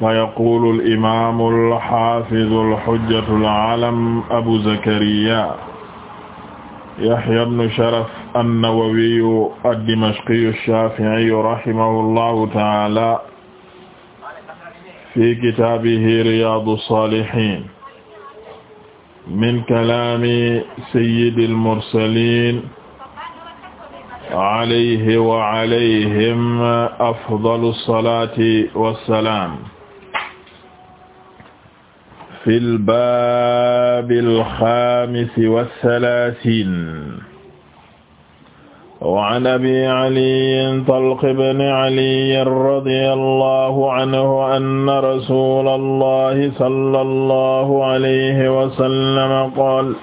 ويقول الإمام الحافظ الحجة العالم أبو زكريا يحيى بن شرف النووي الدمشقي الشافعي رحمه الله تعالى في كتابه رياض الصالحين من كلام سيد المرسلين عليه وعليهم أفضل الصلاة والسلام fi lbaabi alxaamisi wasalaasiin wa an abi caliyin talq bni caliyin radiya allahu anhu anna rasula allahi salla allahu alayhi wa sallam qaala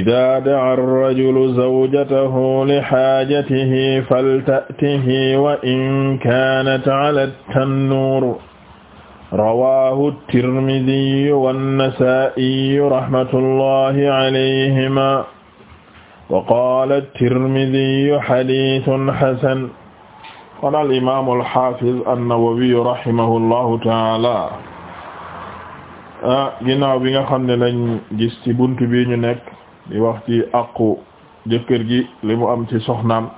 idaa daca arrajulu zawjatahu lixaajatihi falta'tihi wa in kaanat cala tannuur rawaahu tirmidiyu wannasaa'iyu rahmatullahi alayhima wa qaala tirmidiyu hadiisun hasan kon al imaamu alxaafiz annawawiyu rahimahullahu taala ah, ginnaaw bi nga xam ne lañ gis ci buntu bi ñu nekk di wax ci àqu jëkkër gi li mu am ci soxnaam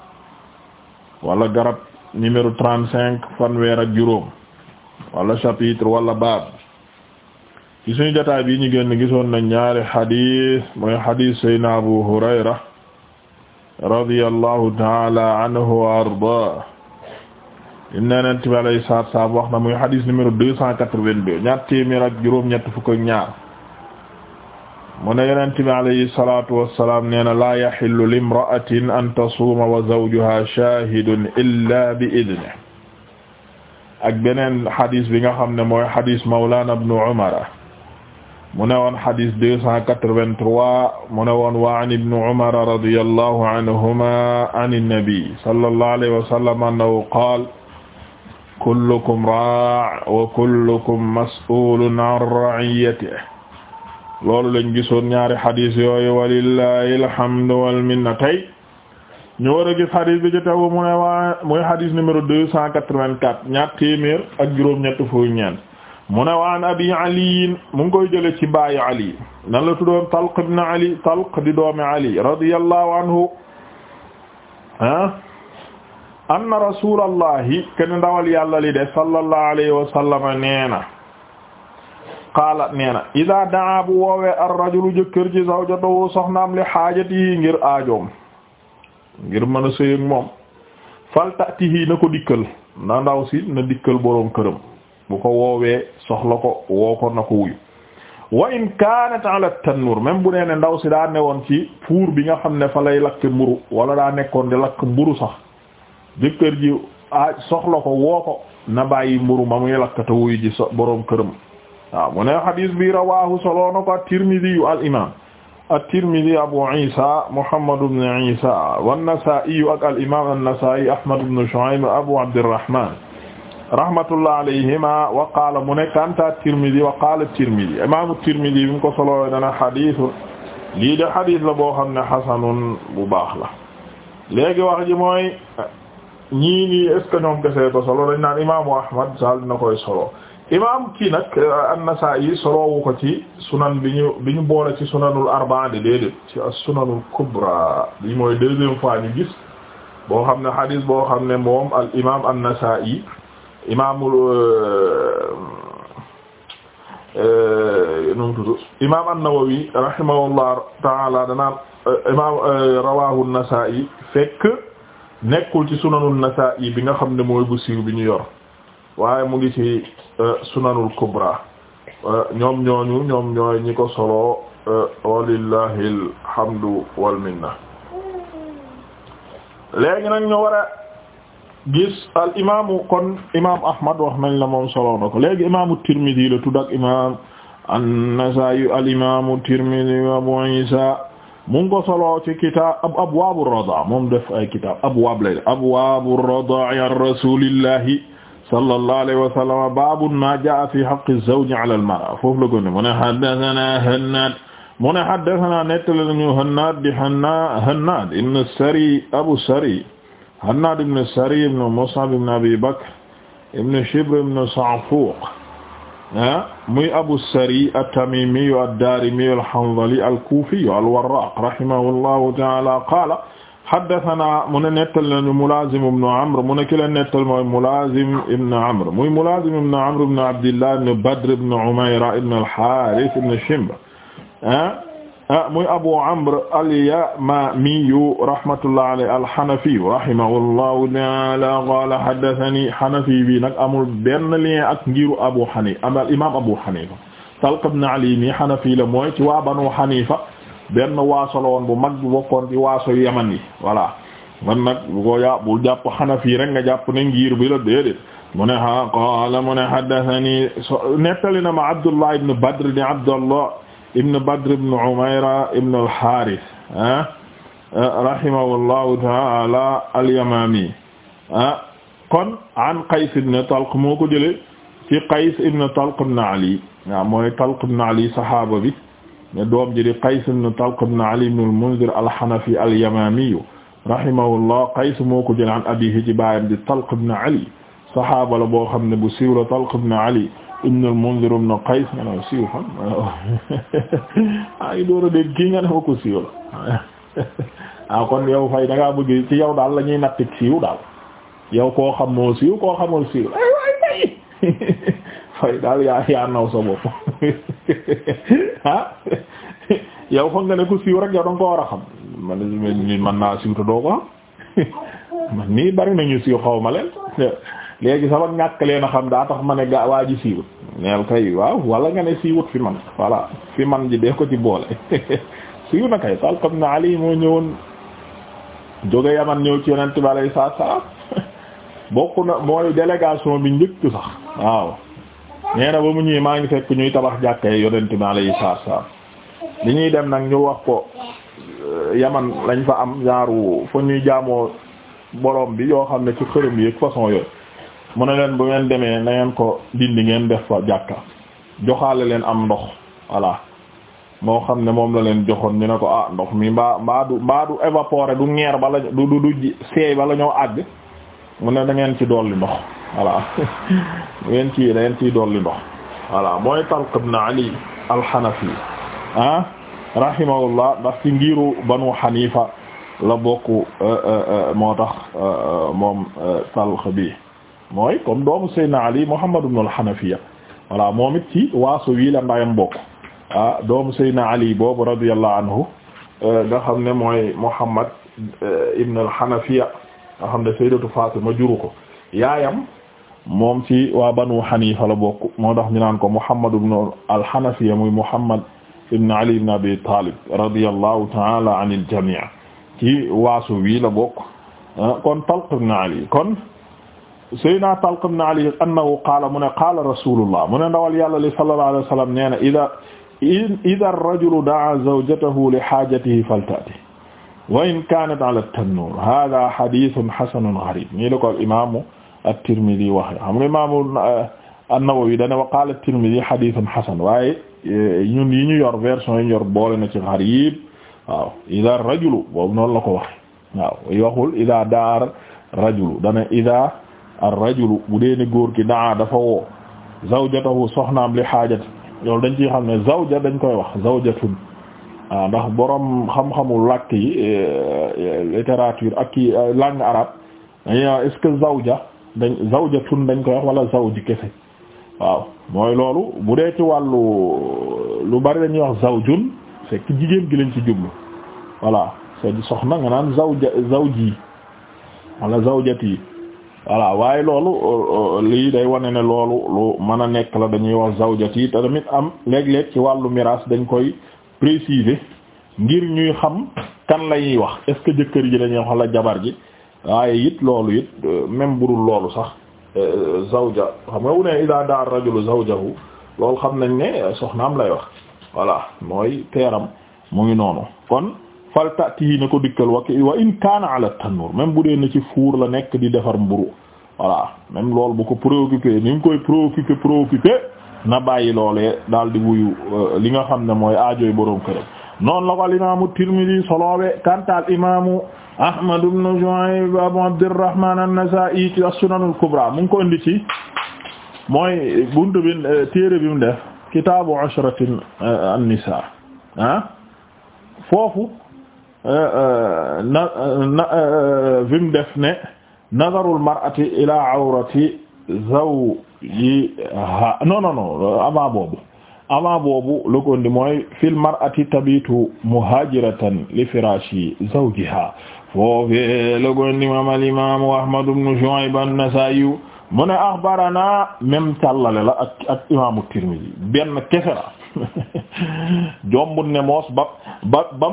wala garab numéro trente-cinq fanweer ak juróom wala chapitre wala baab ci suñu jotaay bi ñu génn gisoon nañ ñaari xadis mooy xadis sayna Abu Hurayra radiyallahu taala anhu wa arda im nenent bi alay saat saam wax na muy xadis numéro deux cent quatre-vingt-deux ñaar téeméer ak juróom-ñett fukk ak ñaar mu ne yonent bi alayhi salaatu wassalaam nee na laa yaxillu limra'atin an tasuuma wa zawjuha shaahidun illa bi idnihi ak beneen xadis bi nga xam ne mooy xadis Mawlana ibn Umar mu ne woon xadis deux cent quatre-vingt-trois mu ne woon wa an ibn Umar radiyallahu anhuma an an-nabi sallallahu alayhi wa sallam annahu qaala kullukum raa' wa kullukum mas'uulun an ra'iyyatihi loolu lañ gisoon ñaari xadis yooyu walillahi alhamdu wal minna tey ñu war a gis xadis bi ci tegu mu ne waa muy xadis numéro deux cent quatre ak juróom-ñett foofu ñeent mu ne waan abi ali mu ngi koy jële ci baayu ali nan la tuddoon Talq ibn ali Talq di doomi ali radiyallahu anhu ah? anna rasulallahi ken ndawal yàlla li de sallallahu alayhi wa sallama neena qaala neena idaa daa bu woowee ar rajulu jëkkër ji zawjatahu soxnaam li ngir aajoom ngir mën a sëy ak moom faltatihi na ko dikkal na ndaw si na dikkal boroom këram bu ko woowee soxla ko woo ko na ko wuyu wa in kanat ala tanur même bu nee ne ndaw si daa newoon ci fuur bi nga xam ne fa lay lakk mburu wala daa nekkoon di lakk mburu sax jëkkër ji ah soxla ko woo ko na bàyyi mburu ma muy lakk wuyu ji boroom këram waaw mu ne xadiis bi rawahu soloona ko at-Tirmidhi al imam at-Tirmidhi Abu Isa Muhammad ibn Isa wan-Nasa'i ak al-imam an-Nasa'i Ahmad ibn Shu'ayb Abu Abdirrahman rahmatullah alayhima wa qaala mu ne kanta Tirmidhi wa qaala Tirmidhi imam Tirmidhi bi mu ko soloo dana hadith lii de hadith la boo xam ne hasanun bu baax la léegi wax ji mooy ñii nii est ce que ñoom kese ko solo dañ naan imaamu Ahmad sal na koy solo imaam kii nag euh, an-Nasaa'i soloowu ko ci sunan bi ñu bi boole ci sunanul arba'a de déedéet ci as-sunanul kubra bi mooy deuxième fois ñu gis boo xam ne hadith boo xam ne moom al imaam an-Nasaa'i euh, euh, tudd imaam an-Nawawi rahimahullah ta'ala danaan imaam rawaahu an-Nasaa'i fekk nekkul ci sunanul Nasaa'i bi nga xam ne mooy bu siiw bi ñu yor. waaye mu ngi ci euh, sunanul kubra euh, ñoom ñooñu ñoom ñooy ñi ko solo euh, walillahi alhamdu wal minna léegi nag gis al imaam Ahmad wax nañ la moom solo na ko léegi imaamu Tirmidhi la tudd ak imaam an-Nasaa'i al imaamu Tirmidhi Abu Isa mu ngi ko solo ci kitaab abwaabu radaa moom def ay kitaab abwaab lay abwaabu radaa ar rasuulillahi sallallahu alayhi wa sallam baabu ma jaa fi haqqi zawji ala al-mar'a foofu la ko ne mu ne haddathana Hannaad mu ne haddathana nettali nañu Hannaad di Hannaad ibn Sari Abu Sari Hannaad ibn Sari ibn Mus'ab ibn Abi Bakr ibn Shibr ibn Sa'fuq muy Abu Sari at-Tamimi ad-Darimi al-Hanzali al-Kufi al-Warraq rahimahullahu ta'ala qaala xaddasanaa mu ne nettal nañu Mulaazim ibn Amr mu ne ki la nettal mooy Mulaazim ibn Amr muy Mulaazim ibn Amr ibn Abdillah ibn Badr ibn Umayra ibn al-Haaris ibn Shimb ah, ah muy Abu Amr al-Yamaamiyu rahmatullahi alayhi al-Hanafiyu rahimahullahu ta'aala qaala haddasanii Hanafi bi nag amul benn lien ak ngiru Abu Haniifa am al imaam Abu Haniifa Talq ibn Ali mi Hanafi la mooy ci waa Banu Haniifa ben waaso bu mag bi bokkoon ci waaso yaman bu ko ya bu jàpp xanafi rek ngir bi mu ne a ah, qaala mu ne haddathani nettali na ma abdullah ibn badr ni abdullah ibn badr ibn umayra ah, taala al-yamami ah. kon an qays ibn talq moo ko jële qays ibn talq ibn ali waaw talq ibn ali sahaaba bi ne doom ji di Qays ibn Talq ibn Ali ibn al-Mundhir al-Hanafi al-Yamami rahimahullah Qays moo ko jël an abiihi ci baayam di Talq ibn Ali saxaaba la boo xam ne bu siiw la Talq ibn Ali ibn al-Mundhir ibn Qays nga ne siiw fan ay door a dégg kii nga ne la ah kon yow fay da ngaa bëgg ci yow daal la ñuy natt yow koo xam moo ay waay fay fay daal yaa yaa naw sa bopp ah yow foog nga ne ku siiw rek yow danga ko war a xam man man naa siiw te doo ko am man nii bari nañu siiw xaw ma leen léegi sama ñàkk leen a xam daa tax ma ne gaa waa ji siiwut neel kay waaw wala nga ne siiwut fi man voilà fi man ji dee ko ci boole siiw na kay Talq ibn Ali moo ñëwoon jóge Yaman ñëw ci yonent bi alayhi salaatu salaam bokk na mooy délégation bi njëkk sax waaw nee na ba mu ñëwee maa ngi fekk ñuy tabax jàkkay yonent bi alayhi salaatu salaam li ñuy dem nag ñu wax ko euh, yaman lañ fa am yaaru fo ñuy jaamoo borom bi yoo xam ne ci xërëm yi façon yooyu mu ne leen bu ngeen demee nangeen ngeen ko dindi ngeen def fa jàkka joxaale leen am ndox voilà moo xam ne moom la leen joxoon ñu ne ko ah ndox mi mbaa mbaa du mbaa du évaporé du ñeer bala du du du seey bala ñoo àgg mu ne da ngeen ci dolli ndox voilà ngeen ci ngeen ciy dolli ndox voilà mooy Talq ibn Ali al-Hanafi ah rahimahullah ndax ci Banu Hanifa la bokk euh, euh, euh, moo moom Talq bi mooy comme doomu Seydina Ali Muhammad ibn al-Hanafiya voilà moom it ci waaso wii la ndayam bokk ah doomu Seydina Ali boobu radiyallahu anhu nga xam ne mooy Muhammad ibn al-Hanafiya nga xam ne ko yaayam moom ci waa banu xanifa la bokk moo tax ñu naan ko Muhammad ibn al-Hanafiya muy Muhammad ibn Ali ibn Abi Talib radiyallahu ta'ala anil jami' ci waasu wi la bokk ah, kon Talq ibn Ali kon Seydina Talq ibn Ali annahu qaala mu ne qaala rasulullah mu ne ndawal yàlla li sallallahu alayhi wa sallam nee na ida ida ar-rajulu da'a zawjatahu li haajatihi falta'ti wa in kaanat ala at-tannuur haaza hadiisun hasanun gariib nii la ko al imaamu at-Tirmidhi waxee xam nga imaam an-Nawawi dane wa qaala at-Tirmidhi hadithun hasan waaye eh, ñun yi ñu yor version yi ñu yor boole na ci gharib waaw ida rajulu boobu noonu la ko wax waaw waxul ida daar rajulu dane ida ar rajulu bu deene góor ki daa dafa woo zawjatahu soxnaam li xaajat loolu dañ ciy xam ne zawja dañ koy wax zawjatun waaw ndax borom xam-xamul làkk yi eh, eh, littérature ak langue arabe dañuy zawja dañ zawjatun dañ koy wax wala zawji kese waaw mooy loolu bu dee ci wàllu lu bari dañuy wax zawjun sekk jigéen gi lañ ci jublu voilà sa soxna nga naan zawja zawji wala yi voilà waaye loolu euh, euh, lii day wane ne loolu lu mën a nekk la dañuy wax zawjati te tamit am léeg-léeg ci wàllu miraas dañ koy préciser ngir ñuy xam kan lañuy wax est-ce que jëkkër ji lañuy wax wala jabar ji waaye it loolu it euh, même budul loolu sax euh, zawja xam nga wu ne ida daar rajulu zawjahu loolu xam nañ ne euh, soxnaam lay wax voilà mooy teeram mu ngi noonu kon faltatiyi na ko dikkal wa wa in kaana ala tanur même bu dee na ci fuur la nekk di defar mburu voilà même loolu bu ko préoccupé ni mu koy préoccupé préoccupé na bàyyi loolee daal di wuyu li nga xam ne mooy aajoy boroom këram noonu la ko al imaamu Tirmidhi soloowe kantaal imaamu Ahmad ibn Shu'ayb Abu Abdirrahman an-Nasa'i ci as-Sunan al-Kubra mu ngi ko indi ci mooy buntu bi téere bi mu def kitaabu ashratin an-nisaa ah foofu eh, eh, na na eh, bi mu def ne nadarul mar'ati ilaa awrati zawjiha non non non avant boobu avant boobu la ko indi mooy fil mar'ati tabitu muhaajiratan li firaashi zawjiha foofe la ko indi imam al imam Ahmad ibn Shuayb an-Nasaa'i mu ne axbarana même càllale la ak ak imaamu Tirmidhi benn kese la jombut ne moos ba ba ba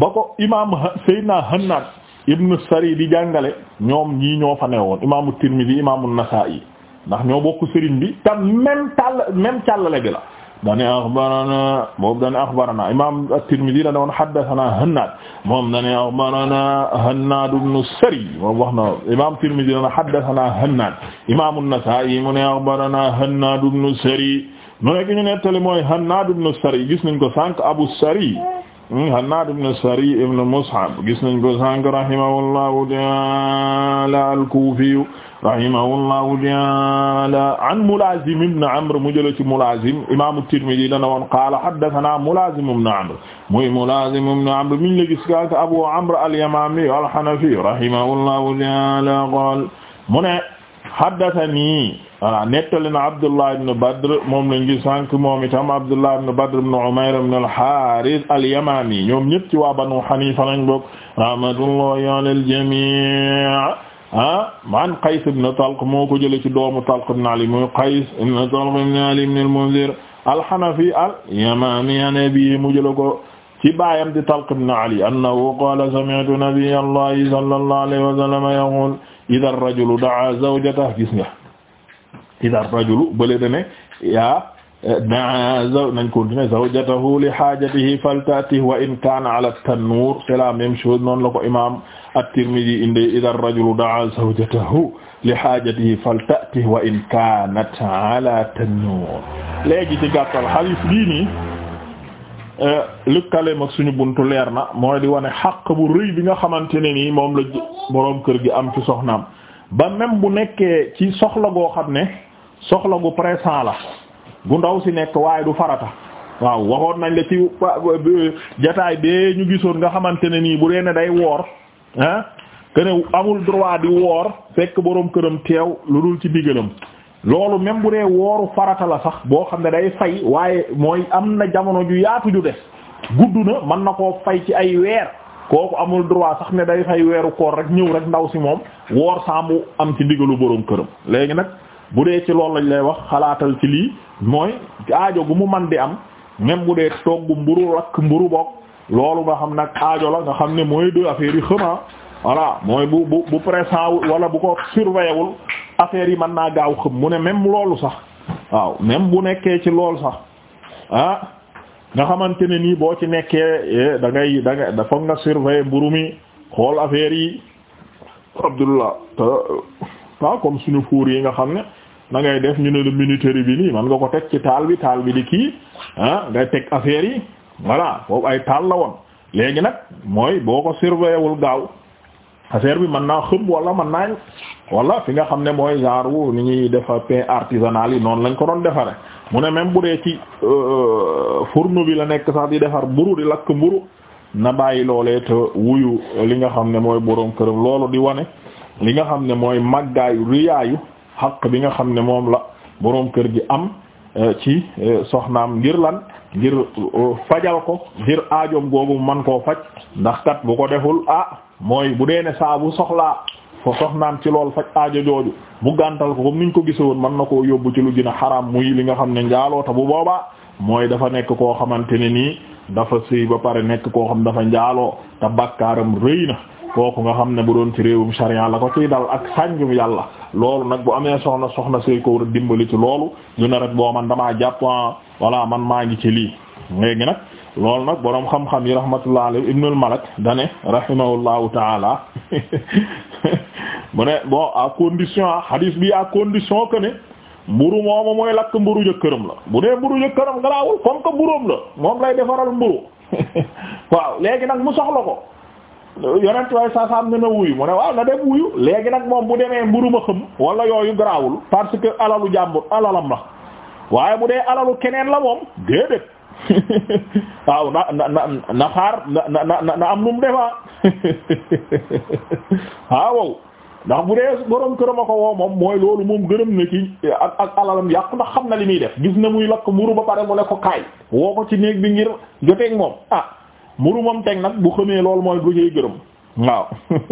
ba ko imam Seydina Hannaad ibnu Sari di jàngale ñoom ñii ñoo fa newoon imaamu Tirmidhi imaamu Nasaa'i ndax ñoo bokk sëriñ bi tam même tàll même càllale bi la dane axbarana boobu dane axbarana imam at-Tirmidhi da doon haddathana Hannaad moom dane axbarana Hannaad ibn Sari moom wax na imam Tirmidhi dane haddathana Hannaad imam an-Nasaa'i mu ne axbarana Hannaad ibn Sari mu ne ki ñu nettali mooy Hannaad ibn Sari gis nañ ko sànq Abu Sari hmm, Hannaad ibn Sari ibn Mus'ab gis nañ ko sànq rahimahullahu ta'ala al-Kufi rahimahullahu taala an Mulaazim ibn Amr mu jëlee ci Mulaazim imaamu Tirmidi dana woon qaala haddasanaa Mulaazim ibn Amr muy Mulaazim ibn Amr mi ngi la gis ka Abu Amr al-Yamaami al-Hanafi rahimahullahu taala qaala mu ne haddasanii voilà nettali na Abdullah ibn Badr moom lañ gi sànq moom itam Abdullah ibn Badr ibn Umayr ibn al-Harith al-Yamani ñoom ñëpp ci waa Banu Hanifa lañ bokk rahmatullahi alal jamii ah man Qays ibn Talq moo ko jëlee ci doomu Talq ibn Ali muy Qays ibn Talq ibn Ali ibn al-Munzir al-Hanafi al-Yamami an abiihi mu jëlee ko ci baayam di Talq ibn Ali annahu qaala sami'tu nabiyyallahi sallallahu alayhi wa sallam yaqul idha ar-rajulu da'a zawjatahu gis nga idha ar-rajulu bële dane yaa da'a zaw nañ ko dina zawjatahu li haajatihi falta'tihi wa in kaana ala at-tannuur c'est la même chose noonu la ko imaam at-Tirmidhi inde idha ar-rajulu da'a zawjatahu li haajatihi falta'tihi wa in kaanat 'ala tannuur léegi ci gàttal xadiis bii nii eh, lëkkaleem ak suñu buntu leer na mooy di wane xaq bu rëy bi nga xamante ne nii moom la boroom kër gi am ci soxnaam ba même bu nekkee ci soxla goo xam ne soxla gu pressant la gu ndaw si nekk waaye du farata waaw waxoon nañ la ci jataay bee ñu gisoon nga xamante ne nii bu dee ne day woor ah kene amul droit di woor fekk boroom këram teew lu dul ci digalam loolu même bu dee wooru farata la sax boo xam ne day fay waaye mooy am na jamono ju yaatu ju de gudd na mën na koo fay ci ay weer kooku amul droit sax ne day fay weeru koor rek ñëw rek ndaw si moom woor saamu am ci ndigalu boroom këram léegi nag bu dee ci loolu lañ lay wax xalaatal ci lii mooy aajo gu mu man di am même bu dee togg mburu rakk mburu bokk loolu nga xam nag aajo la nga xam ne mooy de affaire yi xëma voilà mooy bu bu bu présent wul wala bu ko surveillé wul affaire yi mën naa gaaw xëm mu ne même loolu sax waaw même bu nekkee ci lool sax ah nga xamante ne nii boo ci nekkee eh, dangay ngay da nga foog nga mi xool affaire yi Abdullah te pas suñu fuur yi nga xam ne da ngay def ñu ne le militaire bi nii man nga ko teg ci taal bi taal bi di kii ah ngay teg affaire yi voilà foofu ay taal la woon léegi nag mooy boo ko surveillé wul gaaw affaire bi mën naa xëm wala mën naa wala fi nga xam ne mooy genre nu ñuy defar pain artisanal yi noonu lañ ko doon defare mu ne même bu dee ci euh, fourneau bi la nekk sax di defar mburu di lakk mburu na bàyyi loolee te wuyu li nga xam ne mooy boroom kër loolu di wane li nga xam ne mooy màggaayu riyaayu xaq bi nga xam ne moom la boroom kër gi am Euh, ci euh, soxnaam ngir lan ngir euh, fajal ko ngir aajoom googu man koo faj ndax kat bu ko deful ah mooy bu dee ne saabu bu soxlaa fo soxnaam ci lool faj aajo jooju mu gàntal ko comme niñ ko gisewoon mën na ko yóbbu ci lu gën a xaraam muy li nga xam ne njaaloota bu booba mooy dafa nekk koo xamante ne nii dafa sëy ba pare nekk koo xam dafa njaaloo te bakkaaram rëy na kooku nga xam ne bu doon ci réewum sharia la ko ciy dal ak sànjum yàlla loolu nag bu amee soxna soxna sey ko war a dimbali ci loolu lu ne rek boo man damaa jàpp ah, voilà man maa ngi ci lii léegi nag loolu nag boroom xam-xam yi rahmatullah alayhi ibnul malak dane rahimahullahu taala mu ne bon à condition ah hadis bi à condition que ne mburu moomu mooy lakk mburu jëkkëram la bu dee mburu jëkkëram garaawul comme que mburóom la moom lay defaral mburu waaw léegi nag mu soxla ko yonent waaye saa saam ne na wuyu mu ne waaw na dem wuyu léegi nag moom bu demee mburu ma xëm wala yooyu garaawul parce que alalu jàmbur alalam la waaye bu dee alalu keneen la moom déedéet waaw na na na xaar na na na am lu mu defaa ah ndax bu dee borom këram a ko woo moom mooy loolu moom gërëm na ci ak alalam yàqu ndax xam na li muy def gis na muy lakk mburu ba pare mu ne ko kaay woo ko ci néeg bi ngir joteeg moom ah muru moom teg nag bu xamee loolu mooy bu cay gërëm waaw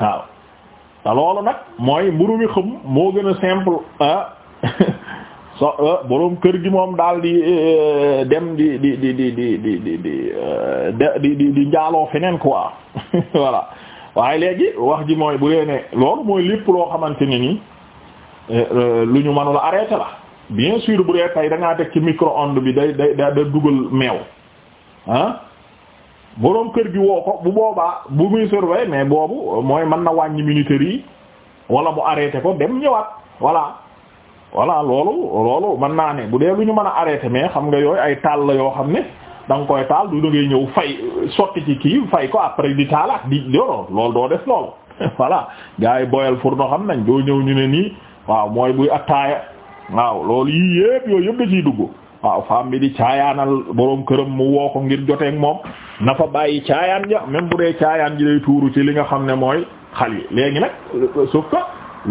waaw te loolu nag mooy mburu mi xëm moo gën a simple ah so ah, boroom kër gi moom daal di eh, dem di di di di di di di eh, njaaloo feneen quoi voilà waaye léegi wax ji mooy bu dee ne loolu mooy lépp loo xamante ni nii eh, lu ñu mënula arrêté la bien sûr bu dee tey da ngaa teg ci micro-onde bi day day da dugal meew ah boroom kër gi woo ko bu boobaa bu muy surveiller mais boobu mooy mën na wàññi militaires yi wala mu arrêté ko dem ñëwaat voilà voilà loolu loolu mën naa ne bu dee lu ñu mën a arrêté mais xam nga yooyu ay taal la yoo xam ne da nga koy taal du da ñëw fay sotti ci kii fay ko après di taalaat di yoro loolu doo def loolu voilà gars yi boyal fourneau xam nañ doo ñëw ñu ne nii waaw mooy buy attaaya waaw loolu yii yépp yooyu yépp da ciy dugg waaw femme bi di caayaanal borom këram mu woo ko ngir joteek moom na fa bàyyi caayaan ja même bu dee caayaan ji day tuuru ci li nga xam ne mooy xal yi léegi nag sauf que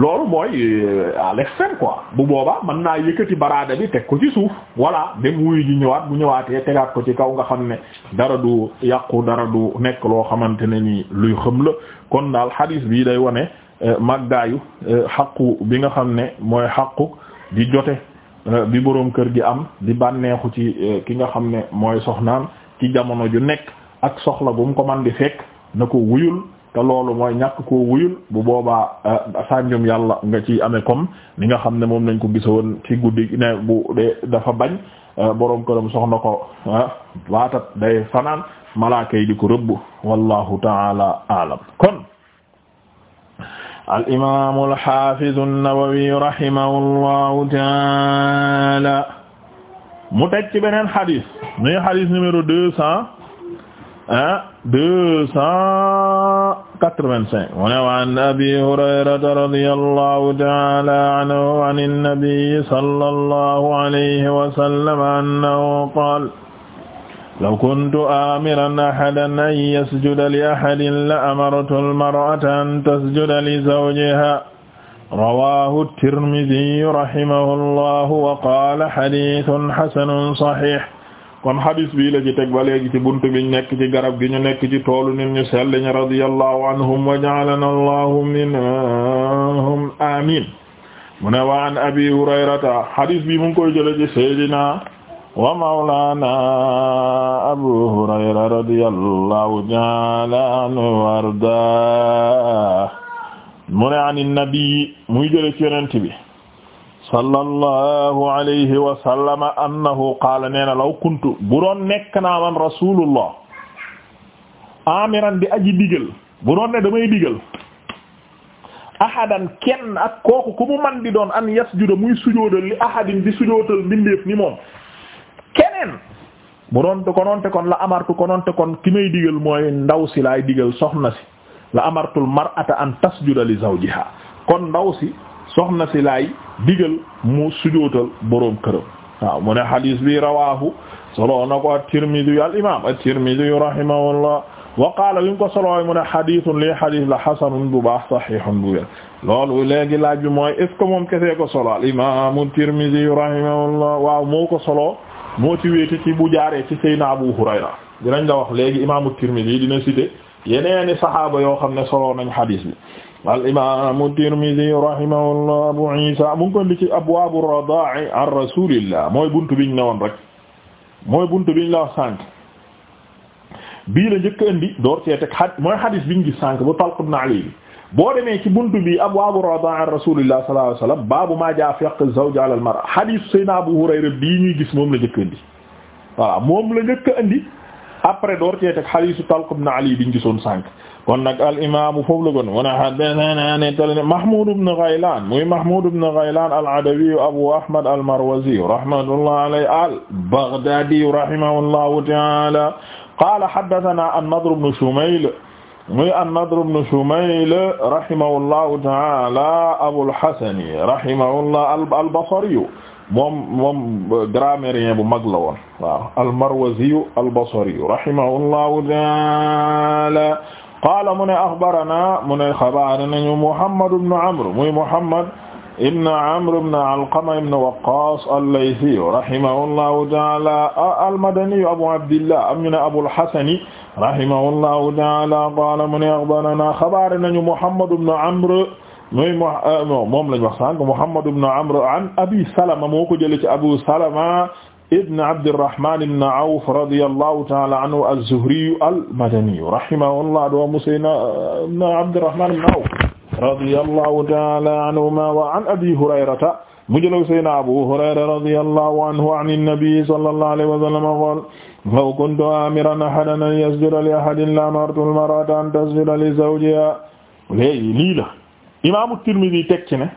loolu mooy euh, à l'extrême quoi bu boobaa mën naa yëkkati baraada bi teg ko ci suuf voilà dem wuyu ji ñëwaat bu ñëwaatee tegaat ko ci kaw nga xam ne dara du yàqu dara du nekk loo xamante ne ni luy xëm la kon daal hadis bi day wane euh, màggaayu euh, xaqu bi nga xam ne mooy xaqu di jote Euh, bi boroom kër gi am di bànneexu ci euh, ki nga xam ne mooy soxnaan ci jamono ju nekk ak soxla bu mu ko man di fekk na ko wuyul te loolu mooy ñàkk koo wuyul bu boobaa euh, sànjum yàlla nga ci amee comme ni nga xam ne moom lañ ko gisoon ki guddi ne bu dee dafa bañ boroom këram soxna ko ah, waatat day fanaan malaaka yi di ko rëbb wallahu taala alam kon al imaamu al xaafizu an-Nawawi rahimahullahu taala mu teg ci beneen xadis muy xadis numéro deux cent un deux cent quatre-vingt-cinq mu ne wa an abi hurayrata radiyallahu taala anhu an an-nabi sallallahu alayhi wa sallam annahu qaala law kuntu aamiran ahadan an yasjuda li ahadin la amartu almar'ata an tasjuda li zawjiha rawahu tirmidiyu rahimahu allahu wa qaala xaditun xasanun saxix kon xadis bii la ci teg ba léegi ci buntu biñ nekk ci garab gi ñu nekk ci toolu nit ñu sell ñi radiyallahu anhum wa ja'alana allahu minhum amin mu ne wa an abi hurayrata xadis bi mu ngi koy jële ci seydina wa mawlaana abu hurayra radiyallahu ta'ala anhu wa ardaa mu ne an nabi muy jële ci yonent bi sallallahu alayhi wa sallama annahu qaala law kuntu bu nekk naa man rasulullah amiran di aji digal bu doon ne damay digal ahadan kenn ak kooku ku mu man di doon an yasjuda muy sujoodal li ahadin di sujoodal mbindeef ni moom bu doon te kon la amartu konoonte kon ki may digal mooy ndaw si laay digal soxna si la amartul mar'ata an tasjuda li zawjiha kon ndaw si soxna si laay digal mu sujootal boroom këram waaw mu ne hadis bi rawahu soloo na ko at-Tirmidhi al imam at-Tirmidhi rahimahullah wa qaala bi mu ko solooy mu ne xaditun lii xadis la xasanun bu baax saxihun bu wér loolu léegi laaj bi mooy est ce que moom kesee ko solo al imam at-Tirmidhi rahimahullah waaw moo ko solo moo ci wéete ci bu jaaree ci Seydina Abu Hurayra dinañ la wax léegi imaamu Tirmidhi dina cité yeneeni saxaaba yoo xam ne soloo nañ xadiis bi al imaamu Tirmidhi rahimahullah Abu Isa mu ko ndi ci abwaabu radaa'i an Rasulillah mooy buntu biñ newoon rek mooy buntu biñ la wax sànq bii la njëkk indi door cee teg mooy xadiis biñ gis sànq bu Talq ibn Ali bi boo demee ci buntu bi abwaabu radaa rasulillah sallallahu alayhi wasallam baabu maa jaa fi haqq zawj ala al mar'a hadith sayna Abu Hurayra bii ñuy gis moom la njëkk andi voilà moom la njëkk andi après door cee teg hadithu Talq ibn Ali biñ gisoon sànq kon nag al imaamu foofu la kon wana haddathana nettali Mahmud ibn Ghaylan muy Mahmud ibn Ghaylan al Adawi Abu Ahmad al Marwazi rahmatullahi alayhi al Baghdadi rahimahullahu ta'ala qala haddathana an-Nadr ibn Shumayl muy an-Nadr ibn Shumayl rahimahullahu ta'ala Abul Hasan rahimahullah al-Basri moom moom grammairien bu mag la woon waaw al-Marwazi al-Basri rahimahullahu ta'ala qaala mu ne axbarana mu ne xabaare nañu Muhammad ibn Amr muy Muhammad ibn Amr ibn Alqama ibn Waqqas al-Laythi rahimahullahu ta'ala al-Madani Abu Abdillah am ñu ne Abul Hasan rahimahullahu taala qaala mu ne axbarana xabaare nañu Muhammad ibn Amr mooy euh, moom lañ wax sànq Muhammad ibn Amr an Abi Salama moo ko jëlee ci Abu Salama ibn Abdirrahman ibn Awf radiyallahu taala anhu az-Zuhri al-Madani rahimahullah doomu Seydina euh, ibn Abdirrahman ibn Awf radiyallahu taala anhuma wa an Abi Hurayrata mu jëlee Seydina Abu Hurayra radiyallahu anhu an an-nabi sallallahu alayhi wa sallam qaala law kuntu amiran ahadan an yasjuda li ahadin la amartu al-mar'ata an tasjuda li zawjiha léegi lii la imaamu Tirmidhi teg ci ne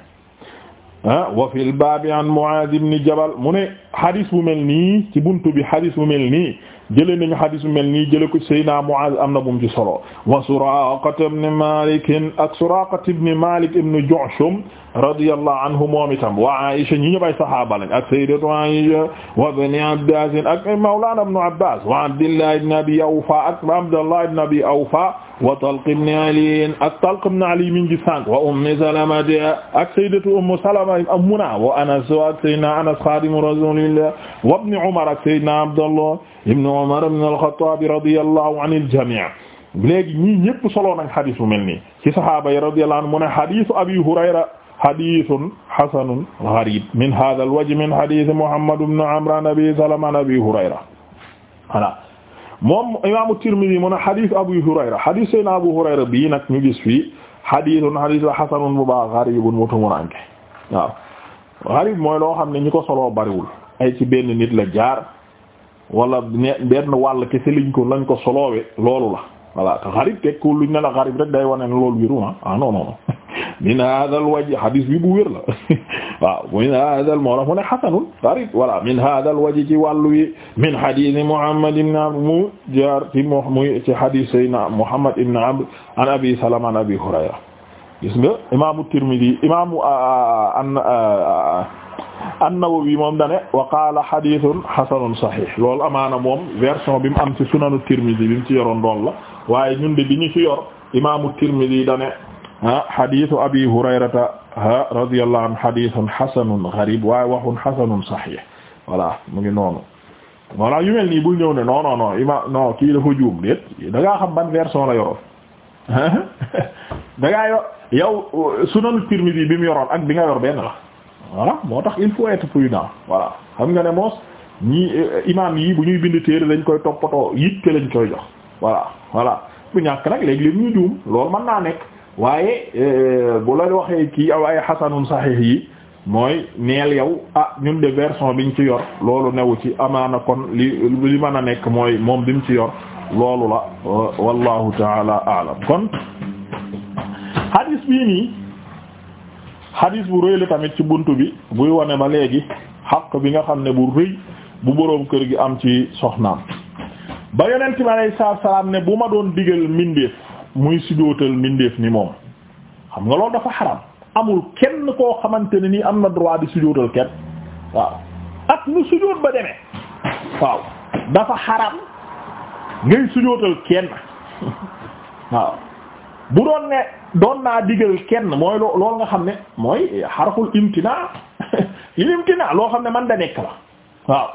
ah wa fil baabi an Mu'aaz ibn Jabal mu ne hadis bu mel nii ci buntu bi hadis bu mel nii jëlee nañu xadis bu mel nii jëlee ko Seydina Muaz am na bu mu ci solo wa Suraqat ibn Malik ak Suraqat ibn Malik ibn Ju'shum radiyallahu anhu moom itam wa Aisha ñi ñu bay saxaaba lañ ak Sayyidatu Aisha wa ibn Abbas ak Mawlana ibn Abbas wa Abdullah ibn Abi Awfa ak Abdullah ibn Abi Awfa wa Talq ibn Ali ak Talq ibn Ali min gi sànq wa Ummi Salama de ak sayyidatu Ummu Salama ak Muna wa Anas ak sayyidina Anas xaadimu Rasulillah wa ibn Umar ak sayyidina Abdallah ibn Umar ibn al-Khattab radiyallahu anil jami' léegi ñii ñëpp solo nañ xadis bu mel nii ci sahaaba yi radiyallahu anhu mu ne xadisu Abi Hurayra xadisun xasanun garib min hadha al-wajh min hadith Muhammad ibn Amr an Abi Salama an Abi Hurayra voilà moom imaamu Tirmidi mu ne xadis Abu Hurayra xadis na Abu Hurayra bii nag ñu gis fii xadisun xadis la xasanun bu baax xaribun mu tumuranke waaw xarib mooy loo xam ne ñi ko soloo bariwul ay ci benn nit la jaar wala benn wàll ke liñ ko lañ ko soloowe loolu la voilà xarib teg ku luñ ne la xarib rek day wane ne loolu wéru ah ah non non non min hadha al wajh hadis bi bu wér la waaw min hadha al moo tax mu ne hasanun xarib voilà min hadha al wajh ci wàllu wi min hadith Muhammad ibn Amr mu jaar ci mu ci hadith sayna Muhammad ibn Amr an Abi Salama an Abi Hurayra gis nga imaamu Tirmidi imaamu an-Nawawi moom dane wa qaala xadiisun xasanun saxiix lool amaana moom version bi mu am ci sunanu Tirmidi bi mu ci yoroon lool la waaye ñun de bi ñu ci yor imaamu Tirmidi dane ah xadiisu Abi Hurayrata ah radiyallahu anhu xadiisun xasanun gariib waaye waxun xasanun saxiix voilà mu ngi noonu. voilà yu mel nii bul ñëw ne non non non ima non kii dafa xam ban version la yoroon da ngaa yor. yow euh, sunanu yi bi mu yoroon ak bi nga yor benn la voilà moo tax il faut être prudent voilà xam nga ne moos ñi euh, imam yi bu ñuy bind téere lañ koy toppatoo yitte lañ koy jox voilà voilà bu ñàkk nag léegi leen ñu juum loolu mën naa nekk waaye euh, bu la waxee kii aw ah, ay xasanun saxiix yi mooy neel yow ah ñun de version ñu ci yor loolu newu ci amaana kon li li mën a nekk mooy moom bi mu ci yor loolu la wallahu taala alam kon hadis bii nii hadis bu rëy la tamit ci bunt bi buy wone ba léegi xaq bi nga xam ne bu rëy bu boroom kër gi am ci soxnaam ba yonent bi alayhi salaam ne bu ma doon digal mbindeef muy sujjóotal mbindeef ni moom xam nga loolu dafa xaram amul kenn koo xamante ne nii am na droit di sujjóotal kenn waaw ak nu sujjóot ba demee waaw dafa xaram ngay sujjóotal kenn waaw bu doon ne doon naa digal kenn mooy loo nga xam ne mooy xarful imtina il imtina loo xam ne man da nekk la waaw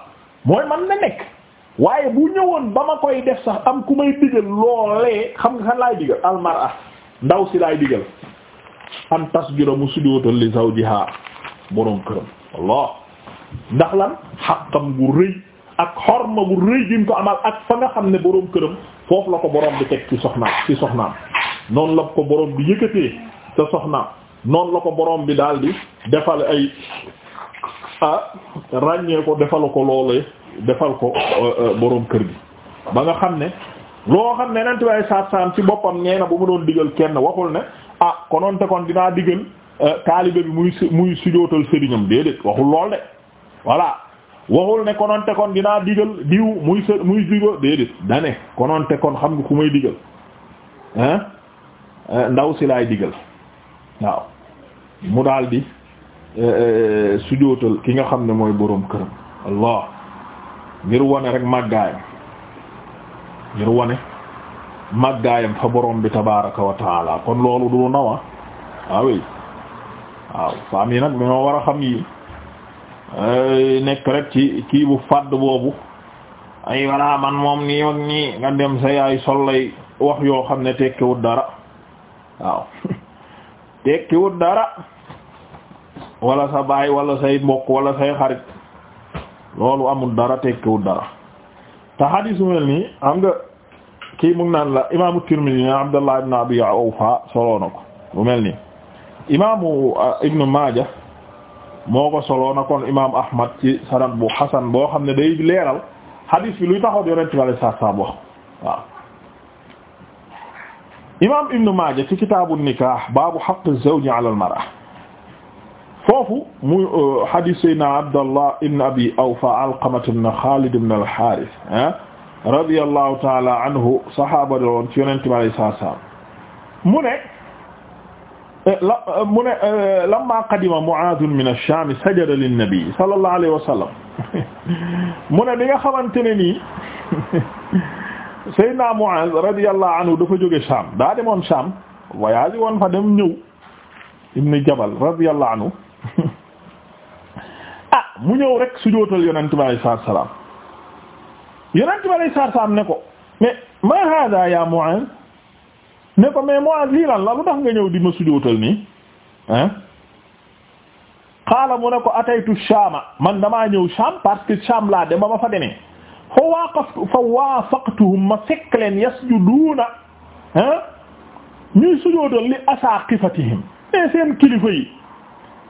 mooy man da nekk waaye bu ñëwoon ba ma koy def sax am ku may digal loolee xam nga kan laay digal almara ndaw si laay digal an tasjuda mu sujjóotal li zawjiha boroom këram Allah ndax lan xaqam gu rëy ak xorma bu rëy gi ko amal ak fa nga xam ne boroom këram foofu la ko boroom bi teg ci soxnaam ci soxnaam noonu la ko borom bi yëkkatee sa soxna noonu la ko boroom bi daal di defal ay ah ràññee ko defal ko loolee defal ko euh, euh, boroom kër gi ba nga xam ne loo xam ne nanti waaye saat saam ci boppam nee na bu mu doon digal kenn waxul ne ah kononte kon dinaa digal euh, taalibe bi muy muy sujootal sëriñam déedéet waxul lool de voilà waxul ne kononte kon dinaa digal diw muy muy sujoo déedéet dane kononte kon xam nga ku may digal hein Euh, ndaw si laay digal waaw mu daal di euh, euh, sujootal ki nga xam ne mooy boroom këram allah ngir wone rek màggaayam ngir wane màggaayam fa boroom bi tabaraka wa taala kon loolu du nawa ah. waawéy ah, waaw faam yi nag moo war a xam yi nekk rek ci kii bu fàdd boobu ay wala man moom nii ak nii nga dem sa yaay sollay wax yoo xam ne tekkiwul dara waaw tekkiwut dara wala sa baay wala say mbokk wala say xarit loolu amul dara tekkiwut dara te xadiis mu mel nii xam nga kii mu ngi naan la imaamu Tirmidhi ne Abdallah ibn Abi Awfa soloo na ko mu mel nii imaamu uh, Ibn Maaja moo ko soloo na kon imaam Ahmad ci sanad bu Hasan boo xam ne day leeral xadiis bi luy taxaw di Yonent bi sallallahu alayhi wasallam waaw imaam Ibn Maaja ci kitaabu nikaax baabu xaqi zawji alal mara foofu muy hadiis euh, Seydina Abdallah Ibn Abi Awfa Alqamata ibn Xaalid ibn al-Haaris ah radiyallahu taala anhu saxaaba la woon ci Yonent bi alayhi salaatu salaam mu ne euh, la euh, mu ne lammaa qadima Muaaz min ash-Shaam sajada lin-nabi sallallahu alayhi wa sallam mu ne bi nga xamante ne nii. Seydina Muaz radiyallahu anhu dafa jóge Sham daa demoon Sham voyage woon fa dem ñëw ibn Jabal radiyallahu anhu ah mu ñëw rek sujootal yonent bi alayhi salaatu salaam yonent bi alayhi salaatu salaam ne ko mais ma hada ya la lu tax nga ñëw di ma sujootal nii ah qaala ne ko ataytu Shama man damaa ñëw Sham parce que Sham laa dem ba ma fa demee fa waaqaftu fa waafaqtuhum ma fekk leen yasjuduuna ah ñuy sujoodal li asaaqifatihim mais seen kilifa yi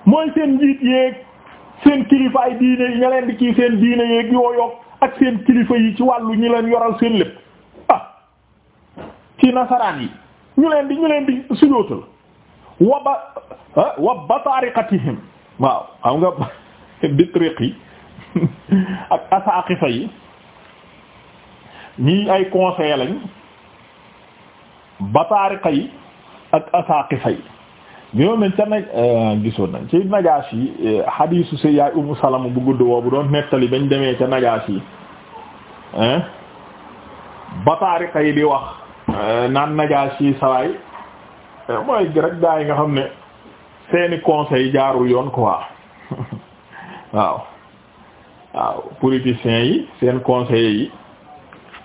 mooy seen njiit yeeg seen kilifa ay diine yi leen di kii seen diine yeeg yooyoog ak seen kilifa yi ci wàllu ñu leen yoral seen lépp ah ci nasaraan yi ñu leen di ñu leen di sujoodal wa ba ah, wa batariqatihim waaw xam nga bitriq yi ak asaaqifa yi ñii ay conseil lañ bataariqa yi ak asaqifa yi gisoon nañ ca nag euh, gisoon nañ ci Najaasi yi euh, hadiisu si yaay Umu Salama bu gudd woobu doon nettali bañ demee ca Najaasi yi bataariqa yi di wax euh, naan Najaasi yi sawaay mooy rek gaa yi nga xam ne seeni conseil jaarul yoon quoi waaw waaw politiciens yi seen conseillers yi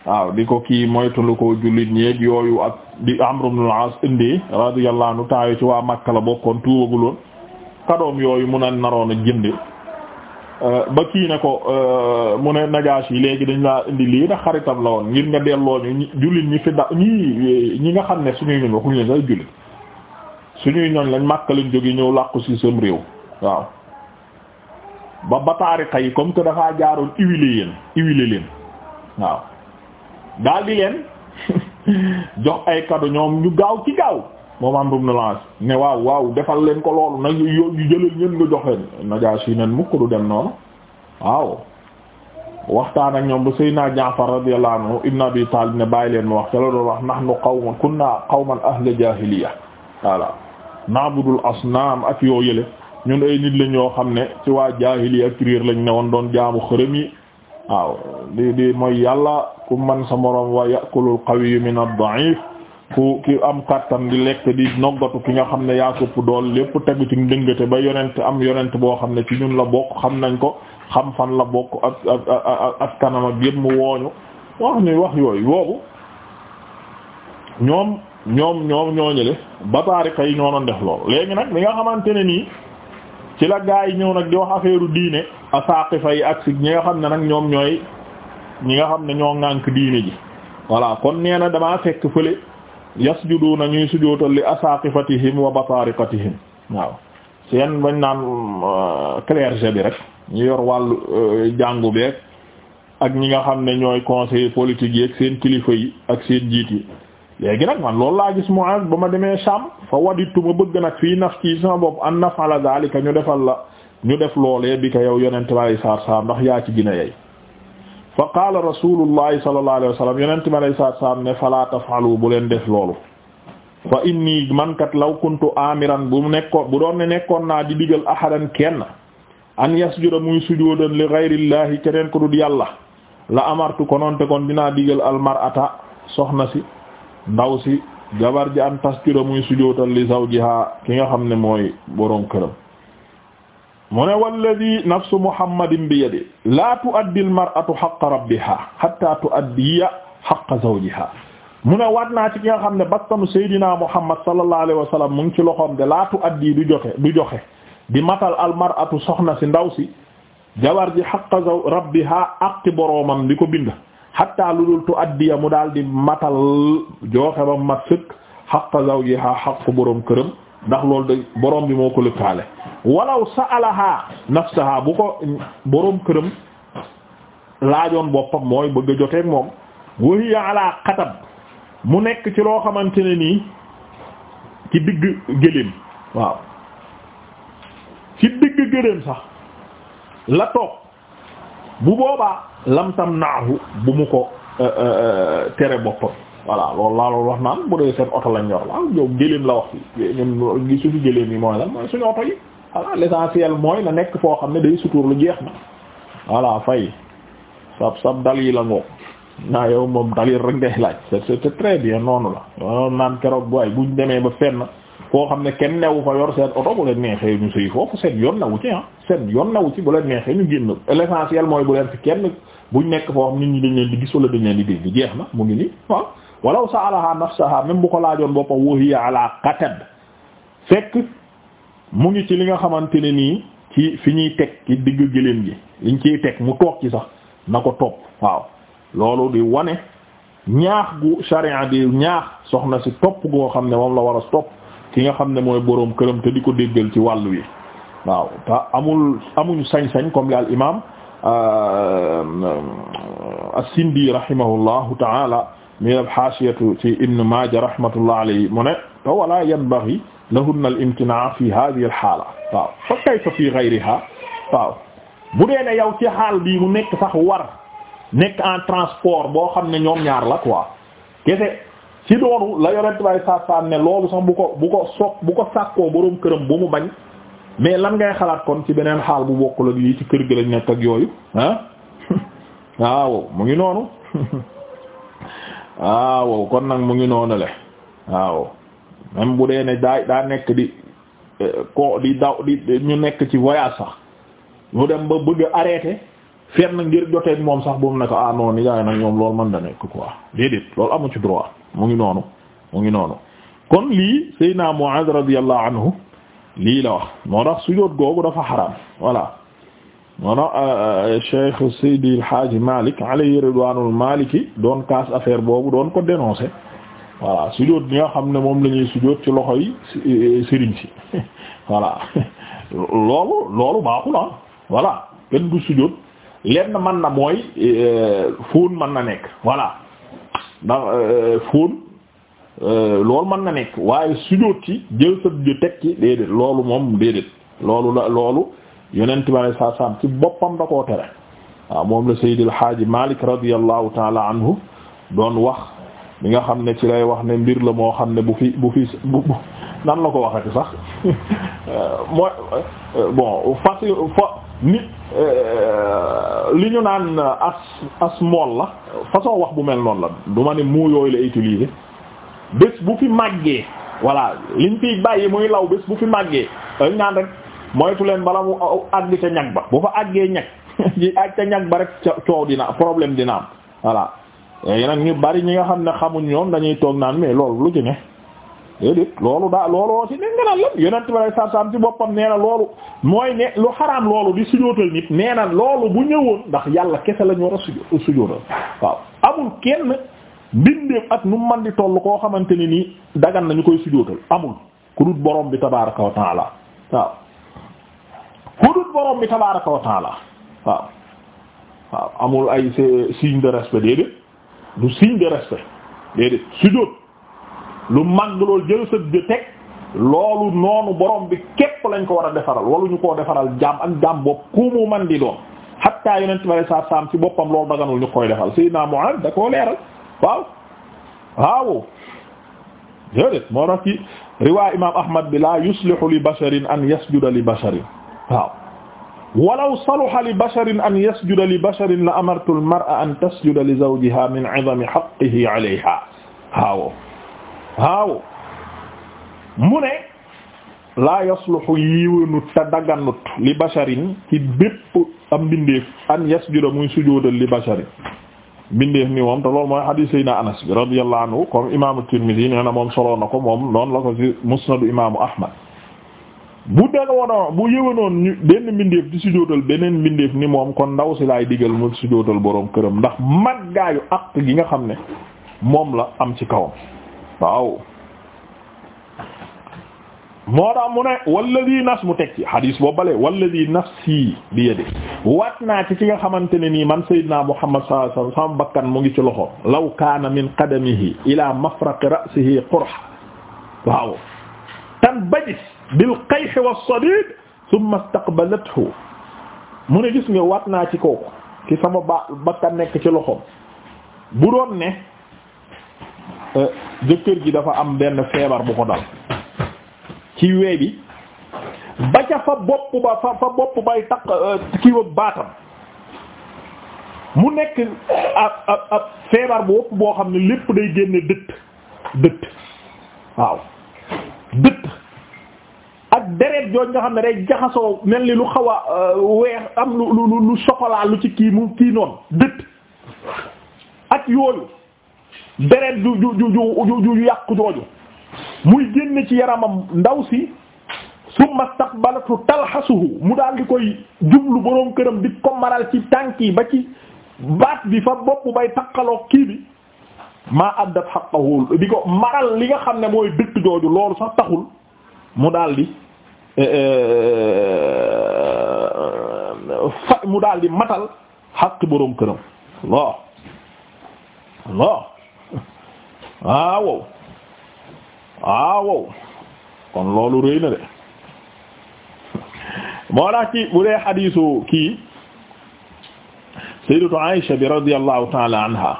waaw di ko kii ko jullit ñeeg yooyu ak di Amr ibn al-As indi radiyallahu anhu taayu ci waa Makka la bokkoon tuubaguloon kadoom yooyu mun a naroon a jënd euh, ba kii ne ko euh, mu ne Najaashi yi léegi dañ laa indi lii da xaritam la woon ngir nga delloo ñu jullit ñi fi da ñii ñi nga xam ne suñuy ñoñ waxuñu ne say jullit suñuy ñoñ lañ Makka lañ jóge ñëw làqu si sam réew waaw ba ba taarika yi comme que dafaa jaaroon huiler yéen huiler leen waaw daal di leen jox ay cadeau ñoom ñu gaaw ci gaaw moom am na lance ne waaw waaw defal leen ko loolu na yow yu jëlal ñun nga jox leen Najaasi yi nen mukk du dem noonu waaw. waxtaan ak ñoom bu Seydina Jaafar radiyallahu anhu ibn Abi Talib ne bàyyi leen mu wax ca la doon wax nahnu qawmun kunna qawman ahla jaahiliya voilà na'budul asnaam ak yoo yële ñun ay nit lañ yoo xam ne ci waa jaahiliya ak lañ ne woon doon jaamu xërëm yi waaw di di mooy yàlla. ku man sa moroom wa ya'kulul qawiyyu min ad-da'if ku ki am kàttan di lekk di noggatu ki nga xam ne yaa këpp dool lépp tegu ci ndëngate ba yonent am yonent boo xam ne ci ñun la bokk xam nañ ko xam fan la bokk ak ak ak kanam mu wooñu wax ñuy wax yooyu boobu ñoom ñoom ñoom ñooñule ba taarika yi ñoo doon def loolu léegi nag nga xamante ne nii la gaa yi ñëw nag di wax affaire diine asaaqifa yi ak si ñi xam ne nag ñoom ñooy ñi nga xam ne ñoo ŋànk diine ji voilà kon nee na damaa fekk fële yasjuduna ñuy sujootal li asaqifatihim wa batariqatihim waaw seen bañ naan euh, clergé bi rek ñu yor wàllu euh, jàngu beeg ak ñi nga xam ne ñooy conseil politique yi ak seen kilifa yi ak seen jiit yi léegi nag man loolu laa gis Muaz ba ma demee Sham fa waditu ma bëgg nag fii naf ci sama bopp an nafala zalika ñu defal la ñu def loolee bi ko yow yonente bàyyi saar saar ndax yaa ci gina yey fa qaala rasulullahi sallallahu alayhi wa sallam yonente mi alayhi salaatu salaam ne fala tafaalu bu leen def loolu fa inni mankat law kuntu amiran bu nekkoon bu doon ne nekkoon naa di digal ahadan kenn an yasjuda muy sujudan li ghayrillahi keneen ko dul yàlla la amartu konoonte kon dinaa digal ata soxna si ndaw si jabar ji an tasjuda muy sujudal li zawjiha ki nga xam ne mooy boroom këram mu ne walladi nafsu muhammadin bi yadi laa tuaddi almar'atu xaqa rabbiha hatta tuaddiya xaqa zawjiha mu ne waat naa ci ki nga xam ne bakkanu seydina muhammad sallallahu alayhi wa sallam mu ngi ci loxoom de laa tuaddi du joxe du joxe di matal almar'atu soxna si ndaw si jabar ji xaqa zaw rabbiha aqi boroomam di ko bind hatta lu dul tuaddiya mu daal di matal joxe ba mat sëkk xaqa zawjiha xaq boroom këram ndax loolu de boroom bi moo ko lëkkaale walaw sa'alaha nafsaha bu ko borom këram laajoon boppam mooy bëgg a joteeg moom wa hiya ala xatab mu nekk ci loo xamante ne nii ci digg gëléem waaw ci digg gëléem sax la toog bu boobaa lamtam naahu bu mu ko euh, euh, euh, tere boppam voilà loolu laa loolu wax naan bu dee seen oto lañ yor la la wax fi ñun gi suñu gëléem yi mooy la mooy suñu oto yi voilà l'essentiel mooy na nekk foo xam ne day sutur lu jeex na fay sab sab yi la ngoo naa yow moom dalil rek ngay laaj c'est très noonu la naan keroog bu ay demee ba fenn foo xam ne kenn newu fa yor seen oto bu neexee ñu sëy foofu seen yoon nawu ci ah seen yoon nawu ci bu neexee ñu génn l'essentiel mooy bu leen nekk foo nit ñi dañ leen di gis wala dañ leen di dégg jeex na mu ngi nii waaw walaw sa'alaha nafsaha même bu ko laajoon boppam wa hiya ala qatab fekk mu ngi ci li nga xamante ne nii ci fi ñuy teg ci digg gëléem gi liñ ciy teg mu toog ci sax na ko topp waaw loolu di wane ñaax gu sharia di ñaax soxna si topp goo xam ne moom la war a topp ki nga xam ne mooy boroom këram te di ko déggal ci wàll wi waaw te amul amuñu sañ-sañ comme li al imam euh, euh, as-Sindi rahimahullahu ta'ala mi al-haashiyatu ci Ibn Maaja rahmatullah alayhi mu ne te wala yanbaghi lahunna al-imtinaa fi haala waaw fa fi ghayrihaa waaw bu dee ne yow ci xaal bii mu nekk sax war nekk en transport boo xam ne ñoom ñaar la quoi kese ci doonu la yonent bay saasaan ne loolu sax bu ko bu bu ko sàkkoo bu mu bañ mais lan ngay xalaat kon ci beneen xaal bu bokkul ak yi ci kër gi lañ nekk ak yooyu ah waaw mu ngi noonu Ah, waaw kon nag mu ngi noonu le waaw même bu dee ne daa daa nekk di eh, ko di daw di ñu nekk ci voyage sax mu dem ba bëgg a arrêté fenn ngir joteeg moom sax bu mu ne ko ah non ni jaay nag ñoom loolu mën da nekk quoi déedéet loolu amu ci droit mu ngi noonu mu ngi noonu kon lii Seydina Muaz radiyallahu anhu lii la wax moo tax sujóot googu dafa xaraam voilà mono Cheikh Seydi El Hadji Malick alayhi ridwanul maliki doon kaas affaire boobu doon ko dénoncé voilà sujjóot bi nga xam ne moom la ñuy sujjóot ci loxo yi e, e, sëriñ si voilà loolu loolu baaxul ah voilà kenn du sujjóot lenn mën na mooy e, fóon mën na nekk voilà ndax fóon loolu mën na nekk waaye sujjóot ci jël sa teg ci déedéet loolu moom déedéet loolu la loolu yonent bi alayhi salaatu ci boppam da koo tere waaw moom la Seydil Haaji Malik radiyallahu taala anhu doon wax bi nga xam ne ci lay wax ne mbir la moo xam ne bu fi bu fi bu nan la ko wax waxati sax mooy bon fasi fa nit euh, li ñu naan as as mool la façon wax bu mel noon la du ma ne muu yooyu la utiliser bés bu fi màggee voilà liñ fiy bàyyi muy law bés bu fi màggee dañ naan rek moytu leen bala mu àgg ca ñag ba bu fa àggee ñag ji àgg ca ñag ba rek coow dina problème dina am voilà léegi nag ñu bari ñi nga xam ne xamuñ ñoom dañuy toog naan mais loolu lu ci ne loolu daa looloo si ne nga naan lépp yonent bi saa saam si boppam nee na loolu mooy ne lu xaraam loolu di sujootal nit nee na loolu bu ñëwoon ndax yàlla kese la ñu war a sujo waaw amul kenn bindeef ak nu man di toll koo xamante ne nii dagan nañu koy sujootal amul ku dul borom bi tabaaraka wa taala waaw. ku dul borom bi tabaaraka wa taala waaw waaw amul ay signe de respect déedéet du signe de respect déedéet sujjóot lu mag loolu jël sa de teg loolu noonu borom bi lañ ko war a defaral walu ñu koo defaral jaam ak jaam bopp ku mu man di doon hatta yonent bi sallallahu alayhi wa sallam ci boppam loolu daganul ñu koy defal Seydina Mu'adh da koo leeral waaw waaw déedéet moo tax ci riwaa imam Ahmad bi la yuslihu li basharin an yasjuda li basharin waaw walaw saluha li basharin an yasjuda li basharin la amartu al mar'a an tasjuda li zawjiha min 'idami haqqihi 'alayha waaw waaw mu ne laa yasluhu yiwénut te daganut li basharin ci bépp am mbindeef an yasjuda muy sujoodal li basharin bindeef ni moom te loolu mooy hadis sayna anas bi radiyallahu anhu comme imaamu Tirmidhi nee na moom solo na ko moom noonu la ko ci musnadu imaamu Ahmad bu del wono bu yëwanoon ñu benn mbindeef di sujjóotal beneen mbindeef ni moom kon ndaw si laay digal mu sujjóotal boroom këram ndax màggaayu àq gi nga xam ne moom la am ci kawam waaw moo tax mu ne walladi nafs mu teg ci xadiis boo balee walladi nafsi bi yadi waat naa ci ki nga xamante ne nii man sayyidina Muhammad sallallahu alayhi wasallam bakkan mu ngi ci loxo law kaana min qadamihi ila mafraq ra'sihi qurha waaw tan bajis bil qayh wa sadid thumma istaqbalathu mu ne gis nga wat naa ci kooku ci sama ba bakka nekk ci loxoom bu doon ne euh, jëkkër ji dafa am benn feebar bu ko dal ci wee bi ba ca fa bopp ba fa fa bopp bay taq euh, kiiwa baatam mu nekk ab ab ab feebar bu wopp boo xam ne lépp day génne dëtt dëtt waaw ak deret jooju nga xam ne day jaxasoo mel ni lu xaw a euh, weex am lu lu lu chocolat lu ci kii mu kii noonu dëtt ak yooyu deret ju ju ju ju ju jooju muy génn ci yaramam ndaw si summa staqbalatu talxasuhu mu daal di koy jublu boroom këram di ko maral ci tànk yi ba ci baat bi fa bopp bay takkaloo kii li nga xam ne mooy dëtt jooju loolu sax taxul mu daal di Euh, euh, euh, fa mu daal di matal xaq boroom këram loo loo waawow waawow kon loolu rëy na de moo tax ci bu dee xadiisu kii sayyidatu Aisha bi ta'ala anha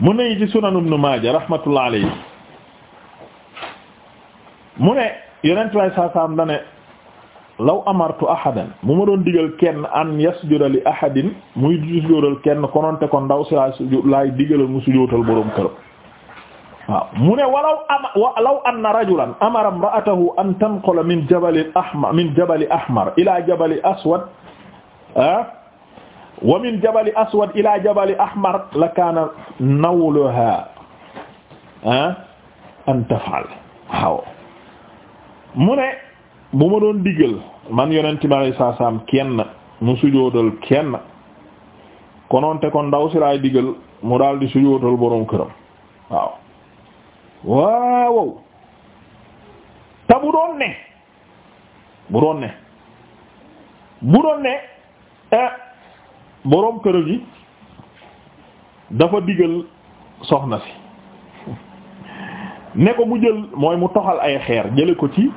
mu ne ci sunan ibn Maaja rahmatullah alayhi mu ne yeneen tuwaay saa saam da ne law amartu ahadan mu ma doon digal kenn an yasjuda li ahadin muy sujjóotal kenn kononte kon ndaw si laay sujjóot laay digalal mu sujjóotal boroom këram waaw mu ne walaw ama law anna rajulan amara imra'atahu an tanqula min jabalin ahmar min jabali ahmar ila jabali aswad wa min jabali aswad ila jabali ahmar la kaana nawluha an taf'al waaw mu ne bu ma doon diggal man yonent bi alay saa saam kenn mu sujoodal kenn konoonte kon ndaw si laay diggal mu daal di sujoodal borom këram waaw waawow te bu doon ne bu doon ne bu eh, këram gi dafa diggal soxna si ne ko mu jël mooy mu toxal ay xeer jële ko ci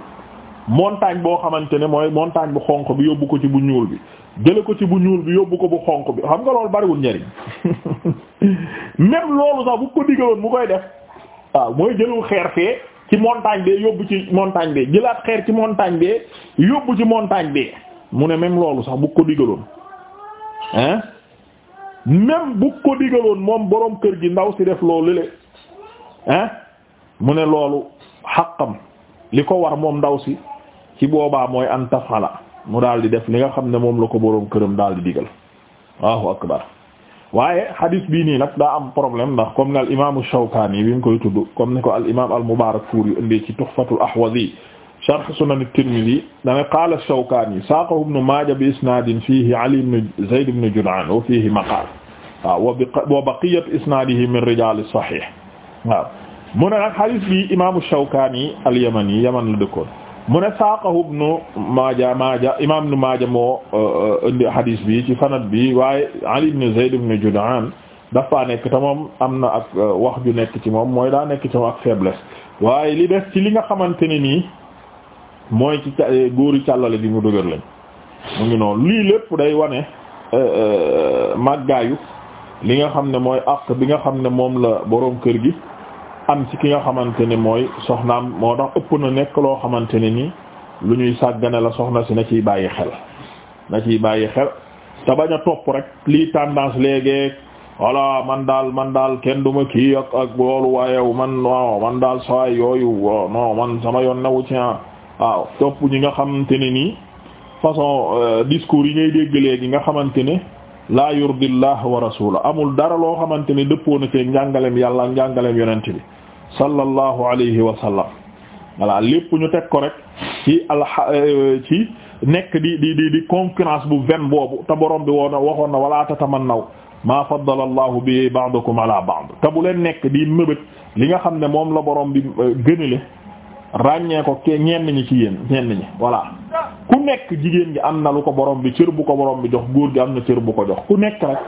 montagne boo xamante ne mooy montagne bu xonq bi yóbbu ko ci bu ñuul bi jële ko ci bu ñuul bi yóbbu ko bu xonq bi xam nga loolu bariwul njariñ même loolu sax bu ko digaloon mu koy def waaw mooy jëlu xeer ci montagne bee yóbbu ci montagne jëlaat xeer ci montagne bee yóbbu ci mu ne même loolu sax bu ko digaloon hein même bu ko digaloon moom boroom kër gi ndaw si def loolu le hein mu ne loolu xaqam li ko war moom ndaw si ci boobaa mooy an tafala mu daal di def li nga xam ne moom la ko boroom këram daal di digal Allahu akbar waaye hadith bii nii nag daa am problème ndax comme ne al imaamu Shawkaani bi mu koy tudd comme ni ko al imaam al Mubaarakfuuri indi ci Tuhfatul Ahwazi sharh Sunan at-Tirmidhi dana qaala Shawkaani saaqahu ibnu Maaja bi isnaadin fiihi Ali ibnu Zayd ibnu Jud'aan wa fiihi maqaal waaw wa baqiyatu isnaadihi min rijaali as-sahiih waaw mu ne nag hadith bi imaamu Shawkaani al-Yamani Yaman la dëkkoon mu ne saqahu ibnu Maaja Maaja imaam ibnu Maaja moo uh, uh, indi hadis bi ci sanad bi waaye Ali ibn Zayd ibn Jud'aan dafa nekk te moom am na ak uh, wax ju nekk ci moom mooy daa nekk ci moom ak faiblesse waaye li des ci li nga xamante ne nii mooy ci eh, góori càllale bi mu dëgër lañ mu ngi noonu lii lépp day wane màggaayu li nga xam ne mooy àq bi nga xam ne moom la boroom kër gi am ci ki nga xamante ne mooy soxnaam moo tax ëpp na nekk loo xamante ne ni lu ñuy sàggane la soxna si na ciy bàyyi xel na ciy bàyyi xel te bañ a topp rek lii tendance léegi voilà man daal man daal kenn duma kii ak ak loolu waayew man waaw man daal sawaay yooyu non man sama yoon newu ci ah, waaw topp ñi nga xamante ne nii façon euh, discours yi ngay dégg léegi nga xamante ne laa yurdillah wa rasula amul dara loo xamante ne dëppoo na ci njàngalem yàlla njàngalem yonent bi sallallahu alayhi wa sallam voilà lépp ñu teg ko rek ci alxa euh, ci nekk di di di di concurrence bu ven boobu te borom bi woona waxoon na wala tatamannaw maa faddala allahu bi ba'dakum ala ba'd te bu leen nekk di mëbët li nga xam ne moom la borom bi euh, gënale ràññee ko ke ñenn ñi ci yéen ñenn ñi voilà ku nekk jigéen gi am na lu ko borom bi cër bu ko borom bi jox góor gi am na cër bu ko jox ku nekk rek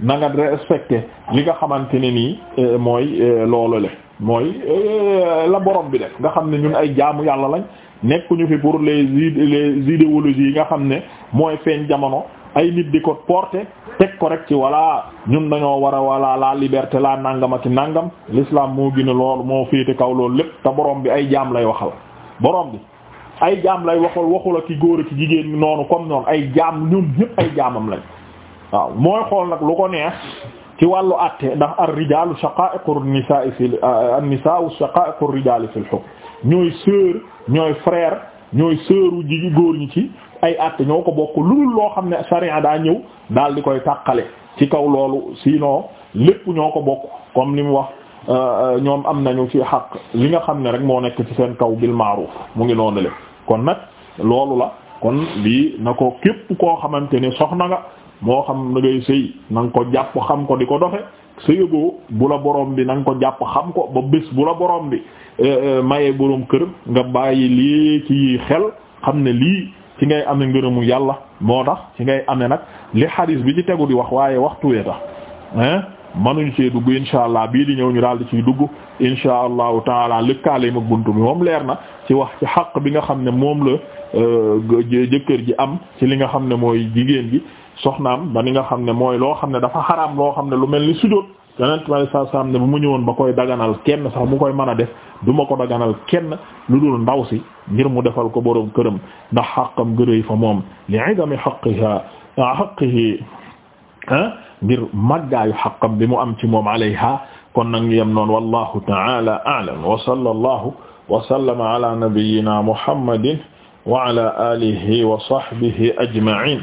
na nga respecté li nga xamante ne nii euh, mooy loolu le mooy euh, la borom bi def nga xam ne ñun ay jaamu yàlla lañ nekkuñu fi pour les les idéologies yi nga xam ne mooy feeñ jamono ay nit di ko porter teg ko rek ci walla ñun dañoo war a walla la liberté la nangam ak nangam l'islam moo gën a lool moo féete kaw loolu lépp te borom bi ay jaam lay waxal borom bi ay jaam lay waxal waxul ak ki góor ak jigéen noonu comme noonu ay jaam ñun ñëpp ay jaamam lañ waaw mooy xool nag lu ko neex. ci wàllu àtte ndax ar rijaalu shaqaa'iqu an-nisaa fi an-nisaa'u shaqaa'iqu ar-rijaali fi al-hukm ñooy sœur ñooy frère ñooy sœuru ji góor ñi ci ay àtte ñoo ko bokk lu dul loo xam ne sharia daa ñëw daal di koy tàqale ci kaw loolu sinon lépp ñoo ko bokk comme li mu wax euh, euh, ñoom am nañu ci xaq li nga xam ne rek moo nekk ci seen kaw bil ma'ruf mu ngi noonu le kon nag loolu la kon lii na ko képp koo xamante ni soxna nga moo xam na ngay sëy na nga ko jàpp xam ko di ko doxe sëyagoo bu la borom bi nang ko jàpp xam ko ba bés bu la boroom bi eh, eh, mayee boroom kër nga bàyyi lii ci xel xam ne lii ci ngay amee ngërëmu yàlla moo tax ci ngay amee nag li xadis bi ci tegu di wax waaye waxtu waxtuwee tax hein manuñ see dugg insha allah bii di ñëw ñu daal di ciy dugg insha allahu taala lëkkaale ma bunt bi moom leer na ci wax ci xaq bi nga xam ne moom la eh, jëkkër ji am ci li nga xam ne mooy jigéen gi soxnaam ba ni nga xam ne mooy loo xam ne dafa xaraam loo xam ne lu mel ni sujjóot yonent bi saa saa am ne bu mu ñëwoon ba koy daganal kenn sax mu koy mën a def du ma ko daganal kenn lu du ndaw si ngir mu defal ko borom këram ndax xaqam gërëy fa moom li idami xaqiha ah, bi mu am ci moom alayha kon nag yem noonu wallahu ta'ala a'lam wa sallallahu wa sallama ala nabiyyina muhammadin wa ala alihi wa sahbihi ajma'in